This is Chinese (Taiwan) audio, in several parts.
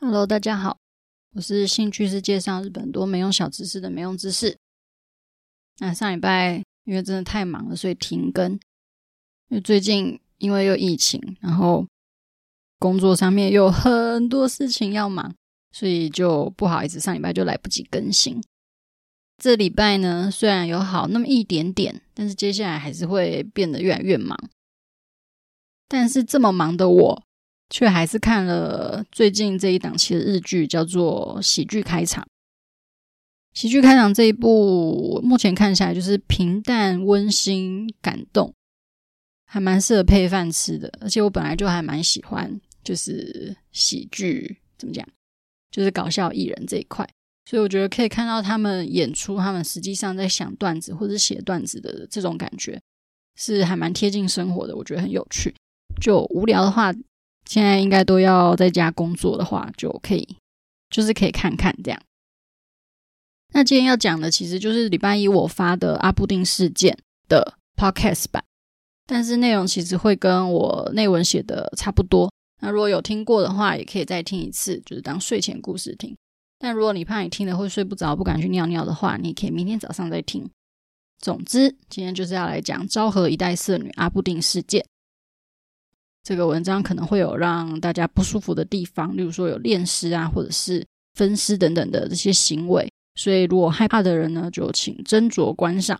Hello，大家好，我是興趣是介紹日本多沒用小知識的沒用知識。那、啊、上禮拜因為真的太忙了，所以停更。因為最近因為又疫情，然後工作上面又很多事情要忙，所以就不好意思，上禮拜就來不及更新。這禮拜呢，雖然有好那麼一點點，但是接下來還是會變得越來越忙。但是這麼忙的我。卻還是看了最近這一檔期的日劇，叫做《喜劇開場》。《喜劇開場》這一部，目前看下來就是平淡、溫馨、感動，還蠻適合配飯吃的。而且我本來就還蠻喜歡，就是喜劇怎麼講，就是搞笑藝人這一塊。所以我覺得可以看到他們演出，他們實際上在想段子或者寫段子的這種感覺，是還蠻貼近生活的。我覺得很有趣。就無聊的話，現在應該都要在家工作的話，就可以，就是可以看看這樣。那今天要講的其實就是禮拜一我發的阿布定事件的 podcast 版，但是內容其實會跟我內文寫的差不多。那如果有聽過的話，也可以再聽一次，就是當睡前故事聽。但如果你怕你聽了會睡不着，不敢去尿尿的話，你可以明天早上再聽。總之，今天就是要來講昭和一代色女阿布定事件。這個文章可能會有讓大家不舒服的地方，例如說有戀屍啊，或者是分屍等等的這些行為，所以如果害怕的人呢，就請斟酌觀賞。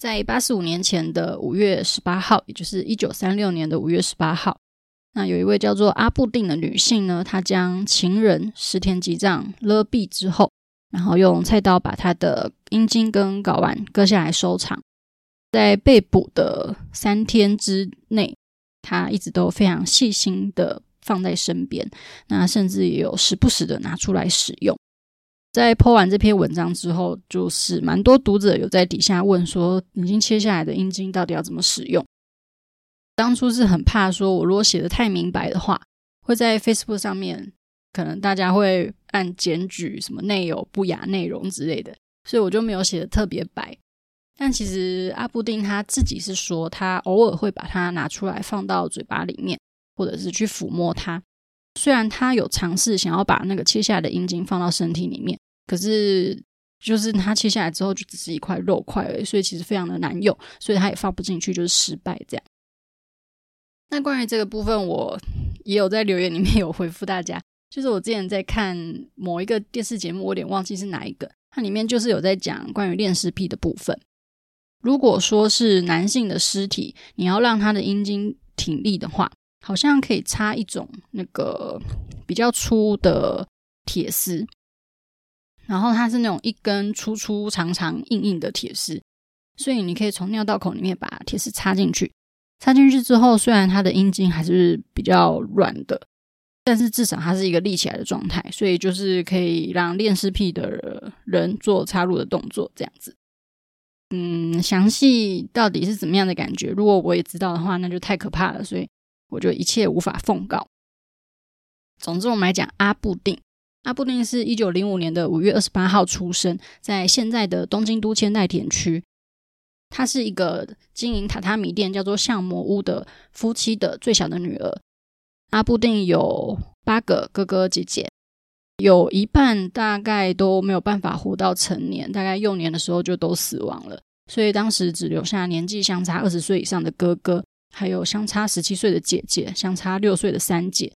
在八十五年前的五月十八號，也就是一九三六年的五月十八號，那有一位叫做阿部定的女性呢，她將情人石田吉藏勒斃之後，然後用菜刀把他的陰莖跟睾丸割下來收藏。在被捕的三天之內，他一直都非常細心的放在身邊，那甚至也有時不時的拿出來使用。在 Po 完這篇文章之後，就是蠻多讀者有在底下問說，已經切下來的陰莖到底要怎麼使用？當初是很怕說，我如果寫的太明白的話，會在 Facebook 上面，可能大家會按檢舉什麼內有不雅內容之類的，所以我就沒有寫的特別白。但其實阿部定他自己是說，他偶爾會把它拿出來放到嘴巴裡面，或者是去撫摸它。雖然他有嘗試想要把那個切下來的陰莖放到身體裡面，可是就是他切下來之後就只是一塊肉塊而已，所以其實非常的難用，所以他也放不進去，就是失敗這樣。那關於這個部分，我也有在留言裡面有回復大家。就是我之前在看某一個電視節目，我有點忘記是哪一個，它裡面就是有在講關於戀屍癖的部分。如果說是男性的屍體，你要讓他的陰莖挺立的話，好像可以插一種那個比較粗的鐵絲，然後它是那種一根粗粗、長長、硬硬的鐵絲，所以你可以從尿道口裡面把鐵絲插進去。插進去之後，雖然他的陰莖還是比較軟的，但是至少它是一個立起來的狀態，所以就是可以讓戀屍癖的人做插入的動作，這樣子。嗯，詳細到底是怎麼樣的感覺？如果我也知道的話，那就太可怕了。所以我就一切無法奉告。總之，我們來講阿部定。阿部定是一九零五年的五月二十八號出生在現在的東京都千代田區。她是一個經營榻榻米店叫做相模屋的夫妻的最小的女兒。阿部定有八個哥哥姐姐。有一半大概都沒有辦法活到成年，大概幼年的時候就都死亡了，所以當時只留下年紀相差二十歲以上的哥哥，還有相差十七歲的姐姐，相差六歲的三姐，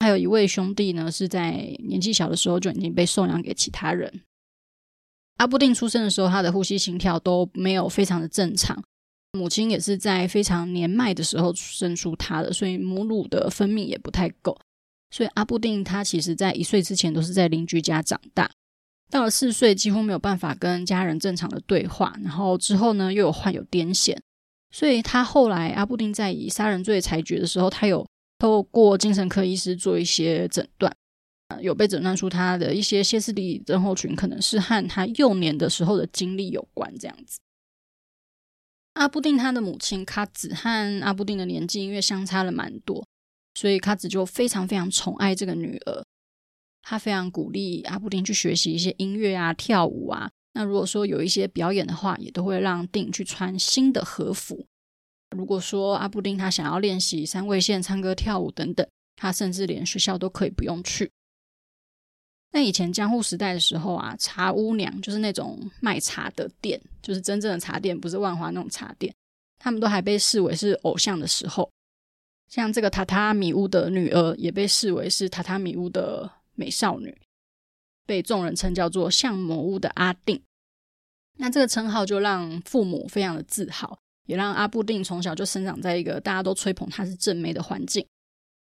還有一位兄弟呢，是在年紀小的時候就已經被送養給其他人。阿部定出生的時候，他的呼吸心跳都沒有非常的正常，母親也是在非常年邁的時候生出他的，所以母乳的分泌也不太夠。所以阿部定他其實在一歲之前都是在鄰居家長大，到了四歲幾乎沒有辦法跟家人正常的對話，然後之後呢又有患有癲癇，所以他後來阿部定在以殺人罪裁決的時候，他有透過精神科醫師做一些診斷，呃、有被診斷出他的一些歇斯底里症候群，可能是和他幼年的時候的經歷有關這樣子。阿部定他的母親卡子和阿部定的年紀因為相差了蠻多。所以卡子就非常非常寵愛這個女兒，他非常鼓勵阿部定去學習一些音樂啊、跳舞啊。那如果說有一些表演的話，也都會讓定去穿新的和服。如果說阿部定他想要練習三味線、唱歌、跳舞等等，他甚至連學校都可以不用去。那以前江戶時代的時候啊，茶屋娘就是那種賣茶的店，就是真正的茶店，不是萬華那種茶店，他們都還被視為是偶像的時候。像這個榻榻米屋的女兒，也被視為是榻榻米屋的美少女，被眾人稱叫做相模屋的阿定。那這個稱號就讓父母非常的自豪，也讓阿部定從小就生長在一個大家都吹捧她是正妹的環境。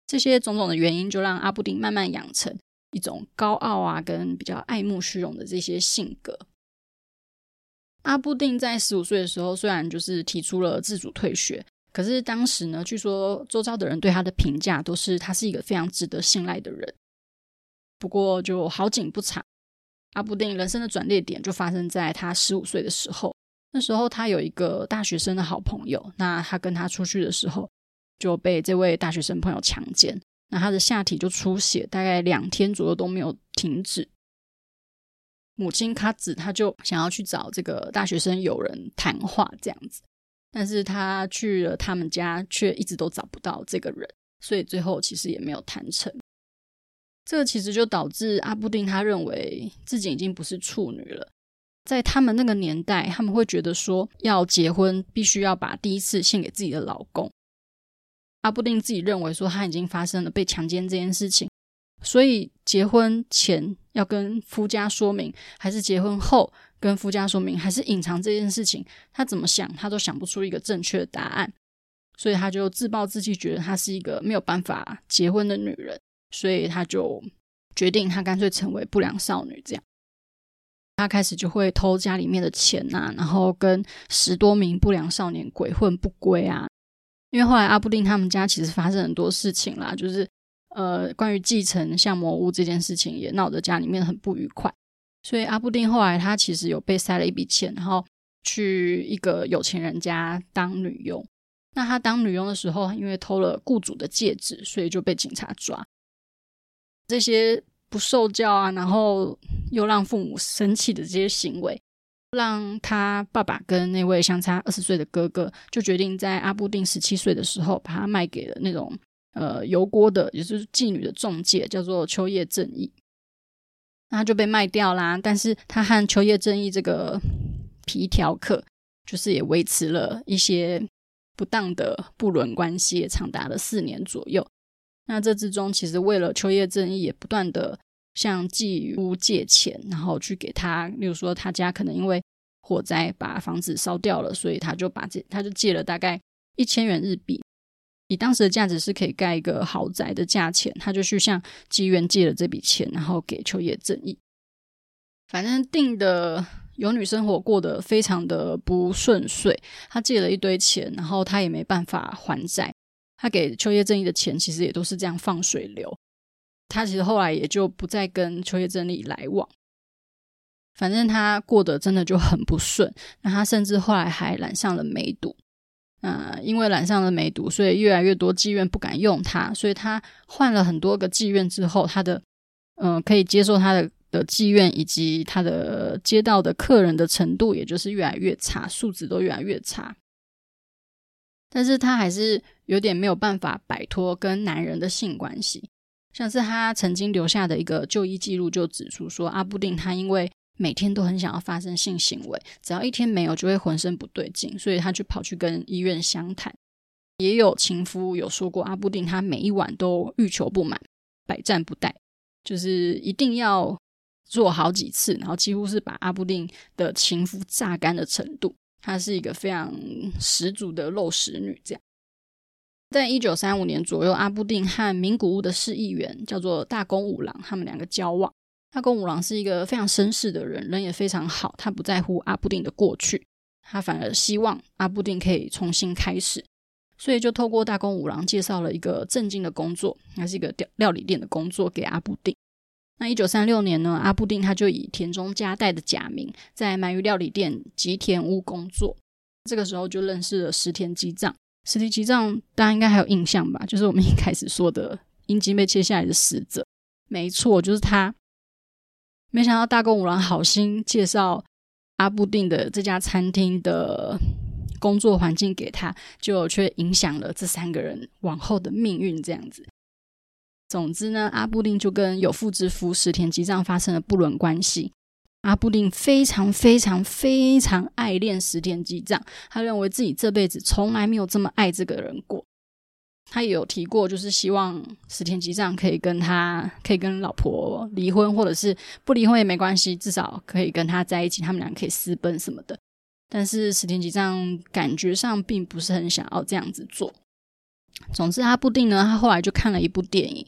這些種種的原因，就讓阿部定慢慢養成一種高傲啊，跟比較愛慕虛榮的這些性格。阿部定在十五歲的時候，雖然就是提出了自主退學。可是當時呢，據說周遭的人對他的評價都是他是一個非常值得信賴的人。不過，就好景不長，阿部定人生的轉捩點就發生在他十五歲的時候。那時候他有一個大學生的好朋友，那他跟他出去的時候就被這位大學生朋友強姦，那他的下體就出血，大概兩天左右都沒有停止。母親卡子他就想要去找這個大學生友人談話，這樣子。但是他去了他們家，卻一直都找不到這個人，所以最後其實也沒有談成。這個其實就導致阿部定他認為自己已經不是處女了。在他們那個年代，他們會覺得說要結婚，必須要把第一次獻給自己的老公。阿部定自己認為說他已經發生了被強奸這件事情。所以結婚前要跟夫家說明，還是結婚後跟夫家說明，還是隱藏這件事情？他怎麼想，他都想不出一個正確的答案。所以他就自暴自棄，覺得她是一個沒有辦法結婚的女人。所以他就決定，他乾脆成為不良少女。這樣，他開始就會偷家裡面的錢呐啊，然後跟十多名不良少年鬼混不歸啊。因為後來阿部定他們家其實發生很多事情啦，就是。呃，關於繼承像魔屋這件事情也鬧得家裡面很不愉快，所以阿部定後來他其實有被塞了一筆錢，然後去一個有錢人家當女傭。那他當女傭的時候，因為偷了雇主的戒指，所以就被警察抓。這些不受教啊，然後又讓父母生氣的這些行為，讓他爸爸跟那位相差二十歲的哥哥，就決定在阿部定十七歲的時候，把他賣給了那種。呃，油鍋的也就是妓女的中介，叫做秋葉正義，那他就被賣掉啦。但是，他和秋葉正義這個皮條客，就是也維持了一些不當的不倫關係，長達了四年左右。那這之中，其實為了秋葉正義，也不斷的向妓屋借錢，然後去給他，例如說他家可能因為火災把房子燒掉了，所以他就把這他就借了大概一千元日幣。以當時的價值是可以蓋一個豪宅的價錢，他就去向妓院借了這筆錢，然後給秋葉正義。反正定的有女生活過得非常的不順遂，他借了一堆錢，然後他也沒辦法還債。他給秋葉正義的錢，其實也都是這樣放水流。他其實後來也就不再跟秋葉正義來往。反正他過得真的就很不順，那他甚至後來還染上了梅毒。嗯、呃，因為染上了梅毒，所以越來越多妓院不敢用他，所以他換了很多個妓院之後，他的嗯、呃，可以接受他的的妓院以及他的接到的客人的程度，也就是越來越差，素質都越來越差。但是他還是有點沒有辦法擺脫跟男人的性關係，像是他曾經留下的一個就醫記錄就指出說，阿部定他因為。每天都很想要發生性行為，只要一天沒有，就會渾身不對勁，所以他就跑去跟醫院相談。也有情夫有說過，阿部定他每一晚都欲求不滿，百戰不殆，就是一定要做好幾次，然後幾乎是把阿部定的情夫榨乾的程度。他是一個非常十足的肉食女，這樣。在一九三五年左右，阿部定和名古屋的市議員叫做大宮五郎，他們兩個交往。大宮五郎是一個非常紳士的人，人也非常好。他不在乎阿部定的過去，他反而希望阿部定可以重新開始。所以就透過大宮五郎介紹了一個正經的工作，還是一個料料理店的工作給阿部定。那一九三六年呢，阿部定他就以田中加代的假名在鰻魚料理店吉田屋工作。這個時候就認識了石田吉藏。石田吉藏大家應該還有印象吧？就是我們一開始說的陰莖被切下來的死者，沒錯，就是他。沒想到大公武郎好心介紹阿部定的這家餐廳的工作環境給他，就卻影響了這三個人往後的命運。這樣子，總之呢，阿部定就跟有婦之夫石田吉藏發生了不倫關係。阿部定非常非常非常愛戀石田吉藏，他認為自己這輩子從來沒有這麼愛這個人過。他也有提過，就是希望石田吉藏可以跟他，可以跟老婆離婚，或者是不離婚也沒關係，至少可以跟他在一起，他們倆可以私奔什麼的。但是石田吉藏感覺上並不是很想要這樣子做。總之，阿部定呢，他後來就看了一部電影，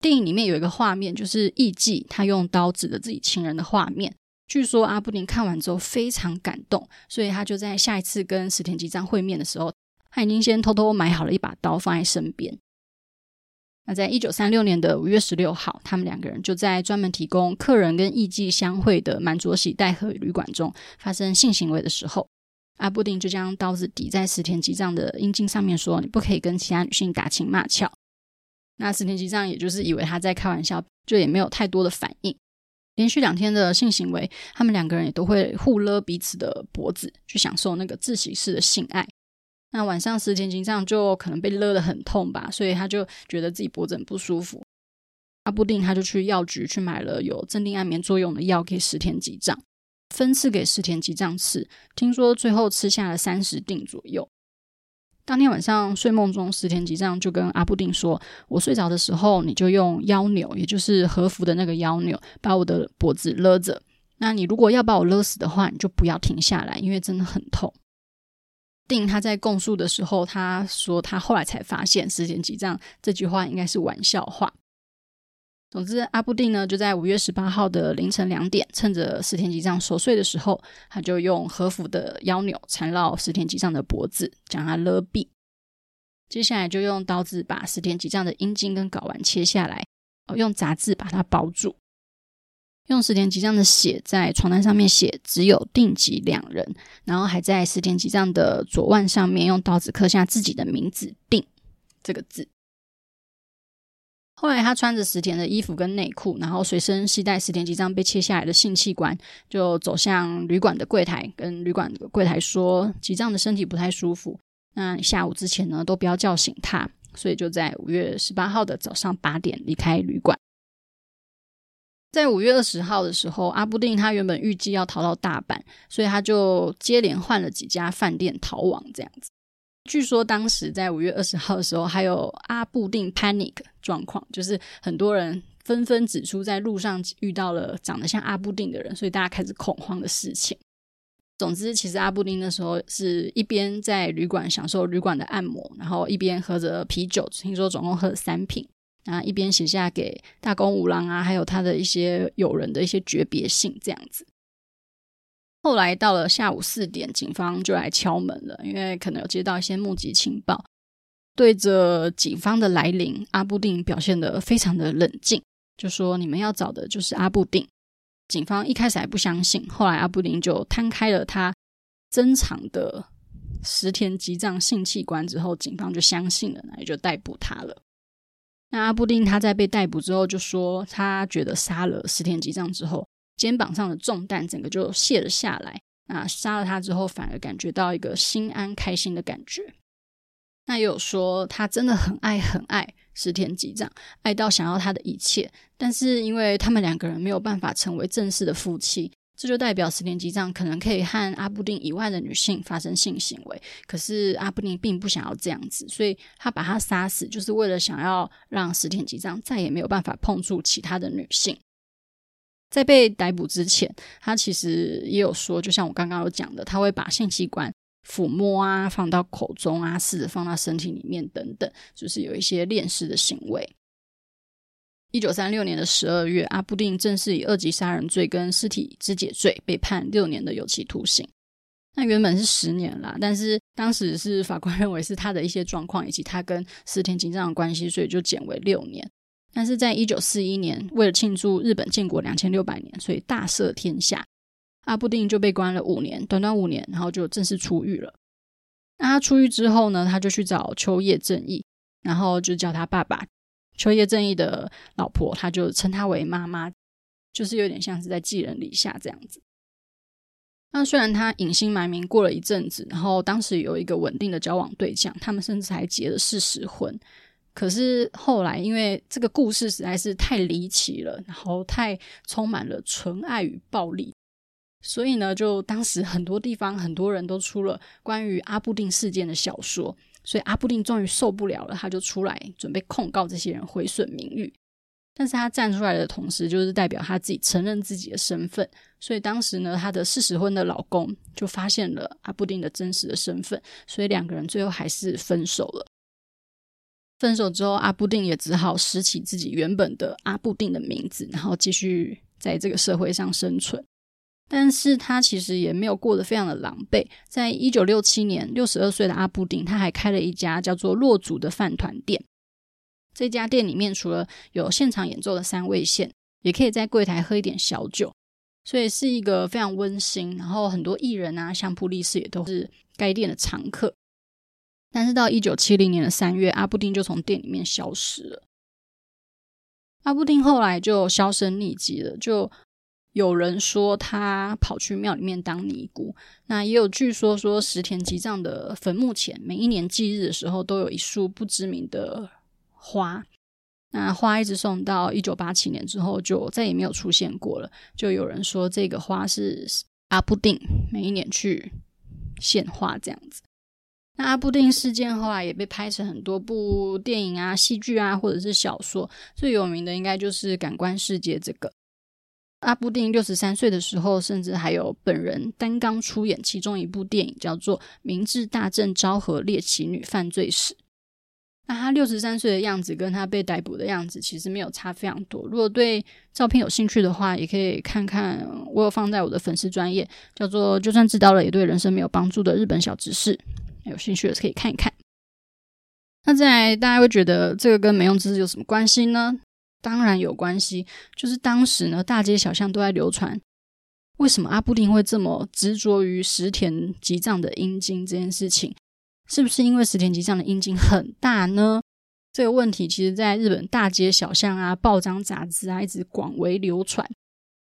電影裡面有一個畫面，就是藝妓他用刀指着自己情人的畫面。據說阿部定看完之後非常感動，所以他就在下一次跟石田吉藏會面的時候。他已經先偷偷買好了一把刀，放在身邊。那在一九三六年的五月十六號，他們兩個人就在專門提供客人跟藝妓相會的滿佐喜待合旅館中發生性行為的時候，阿部定就將刀子抵在石田吉藏的陰莖上面，說：“你不可以跟其他女性打情罵俏。”那石田吉藏也就是以為他在開玩笑，就也沒有太多的反應。連續兩天的性行為，他們兩個人也都會互勒彼此的脖子，去享受那個窒息式的性愛。那晚上，石田吉藏就可能被勒得很痛吧，所以他就覺得自己脖子很不舒服。阿部定他就去藥局去買了有鎮定安眠作用的藥，給石田吉藏分次給石田吉藏吃。聽說最後吃下了三十錠左右。當天晚上睡夢中，石田吉藏就跟阿部定說：“我睡着的時候，你就用腰扭，也就是和服的那個腰扭，把我的脖子勒着。那你如果要把我勒死的話，你就不要停下來，因為真的很痛。”定他在供述的時候，他說他後來才發現“石田吉藏”這句話應該是玩笑話。總之，阿部定呢就在五月十八號的凌晨兩點，趁着石田吉藏熟睡的時候，他就用和服的腰紐纏繞石田吉藏的脖子，將他勒斃。接下來就用刀子把石田吉藏的陰莖跟睾丸切下來，哦，用雜誌把它包住。用石田吉藏的血在床單上面寫“只有定吉兩人”，然後還在石田吉藏的左腕上面用刀子刻下自己的名字“定”這個字。後來，他穿着石田的衣服跟內褲，然後隨身攜帶石田吉藏被切下來的性器官，就走向旅館的櫃台，跟旅館的櫃台說：“吉藏的身體不太舒服，那下午之前呢，都不要叫醒他。”所以就在五月十八號的早上八點離開旅館。在五月二十號的時候，阿部定他原本預計要逃到大阪，所以他就接連換了幾家飯店逃亡這樣子。據說當時在五月二十號的時候，還有阿部定 panic 狀況，就是很多人紛紛指出在路上遇到了長得像阿部定的人，所以大家開始恐慌的事情。總之，其實阿部定那時候是一邊在旅館享受旅館的按摩，然後一邊喝着啤酒，聽說總共喝了三瓶。啊，然後一邊寫下給大宮五郎啊，還有他的一些友人的一些訣別信這樣子。後來到了下午四點，警方就來敲門了，因為可能有接到一些目擊情報。對着警方的來臨，阿部定表現得非常的冷靜，就說：“你們要找的就是阿部定。”警方一開始還不相信，後來阿部定就攤開了他珍藏的石田吉藏性器官，之後警方就相信了，也就逮捕他了。那阿部定他在被逮捕之後就說，他覺得殺了石田吉藏之後，肩膀上的重擔整個就卸了下來。那殺了他之後，反而感覺到一個心安開心的感覺。那也有說他真的很愛很愛石田吉藏，愛到想要他的一切，但是因為他們兩個人沒有辦法成為正式的夫妻。這就代表石田吉藏可能可以和阿部定以外的女性發生性行為，可是阿部定並不想要這樣子，所以他把他殺死，就是為了想要讓石田吉藏再也沒有辦法碰觸其他的女性。在被逮捕之前，他其實也有說，就像我剛剛有講的，他會把性器官撫摸啊，放到口中啊，試着放到身體裡面等等，就是有一些戀屍的行為。一九三六年的十二月，阿部定正式以二級殺人罪跟屍體肢解罪被判六年的有期徒刑。那原本是十年啦，但是當時是法官認為是他的一些狀況以及他跟石田警長的關係，所以就減為六年。但是在一九四一年，為了慶祝日本建國兩千六百年，所以大赦天下，阿部定就被關了五年，短短五年，然後就正式出獄了。那他出獄之後呢，他就去找秋葉正義，然後就叫他爸爸。秋葉正義的老婆，她就稱她為媽媽，就是有點像是在寄人籬下這樣子。那雖然他隱姓埋名過了一陣子，然後當時有一個穩定的交往對象，他們甚至還結了事實婚。可是後來，因為這個故事實在是太離奇了，然後太充滿了純愛與暴力，所以呢，就當時很多地方很多人都出了關於阿部定事件的小說。所以阿部定終於受不了了，他就出來準備控告這些人毀損名譽。但是他站出來的同時，就是代表他自己承認自己的身份。所以當時呢，他的四十婚的老公就發現了阿部定的真實的身份，所以兩個人最後還是分手了。分手之後，阿部定也只好拾起自己原本的阿部定的名字，然後繼續在這個社會上生存。但是他其實也沒有過得非常的狼狽。在一九六七年，六十二歲的阿部定，他還開了一家叫做“落祖”的飯團店。這家店裡面除了有現場演奏的三味線，也可以在櫃台喝一點小酒，所以是一個非常溫馨。然後很多藝人啊、相撲力士也都是該店的常客。但是到一九七零年的三月，阿部定就從店裡面消失了。阿部定後來就銷聲匿跡了，就。有人說他跑去廟裡面當尼姑，那也有據說說石田吉藏的墳墓前每一年祭日的時候都有一束不知名的花，那花一直送到一九八七年之後就再也沒有出現過了，就有人說這個花是阿部定每一年去獻花這樣子。那阿部定事件後來也被拍成很多部電影啊、戲劇啊，或者是小說，最有名的應該就是《感官世界》這個。阿部定六十三歲的時候，甚至還有本人擔綱出演其中一部電影，叫做《明治大正昭和獵奇女犯罪史》。那他六十三歲的樣子，跟他被逮捕的樣子，其實沒有差非常多。如果對照片有興趣的話，也可以看看，我有放在我的粉絲專頁，叫做“就算知道了也對人生沒有幫助的日本小知識”，有興趣的可以看一看。那再來，大家會覺得這個跟沒用知識有什麼關係呢？當然有關係，就是當時呢，大街小巷都在流傳，為什麼阿部定會這麼執着於石田吉藏的陰莖這件事情？是不是因為石田吉藏的陰莖很大呢？這個問題其實在日本大街小巷啊、報章雜誌啊一直廣為流傳。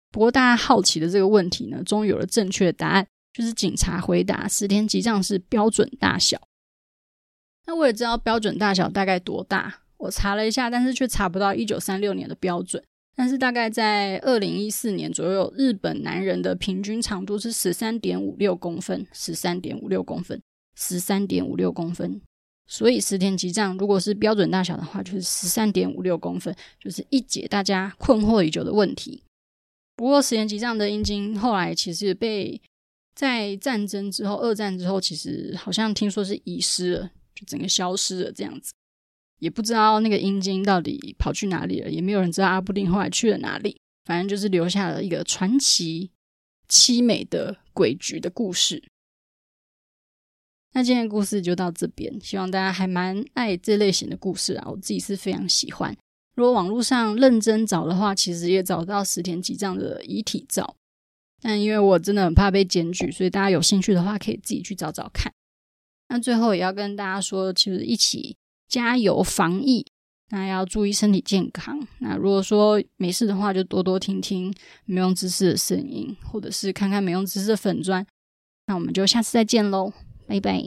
不過大家好奇的這個問題呢，終於有了正確答案，就是警察回答，石田吉藏是標準大小。那我也知道標準大小大概多大。我查了一下，但是卻查不到一九三六年的標準。但是大概在二零一四年左右，日本男人的平均長度是十三點五六公分，十三點五六公分，十三點五六公分。所以石田吉藏如果是標準大小的話，就是十三點五六公分，就是一解大家困惑已久的問題。不過石田吉藏的陰莖後來其實也被在戰爭之後，二戰之後，其實好像聽說是遺失了，就整個消失了這樣子。也不知道那個陰莖到底跑去哪裡了，也沒有人知道阿部定後來去了哪裡。反正就是留下了一個傳奇淒美的鬼局的故事。那今天的故事就到這邊，希望大家還蠻愛這類型的故事啊，我自己是非常喜歡。如果網絡上認真找的話，其實也找不到石田吉藏的遺體照，但因為我真的很怕被檢舉，所以大家有興趣的話，可以自己去找找看。那最後也要跟大家說，其實一起。加油防疫，那要注意身體健康。那如果說沒事的話，就多多聽聽沒用知識的聲音，或者是看看沒用知識的粉專。那我們就下次再見嘍，拜拜。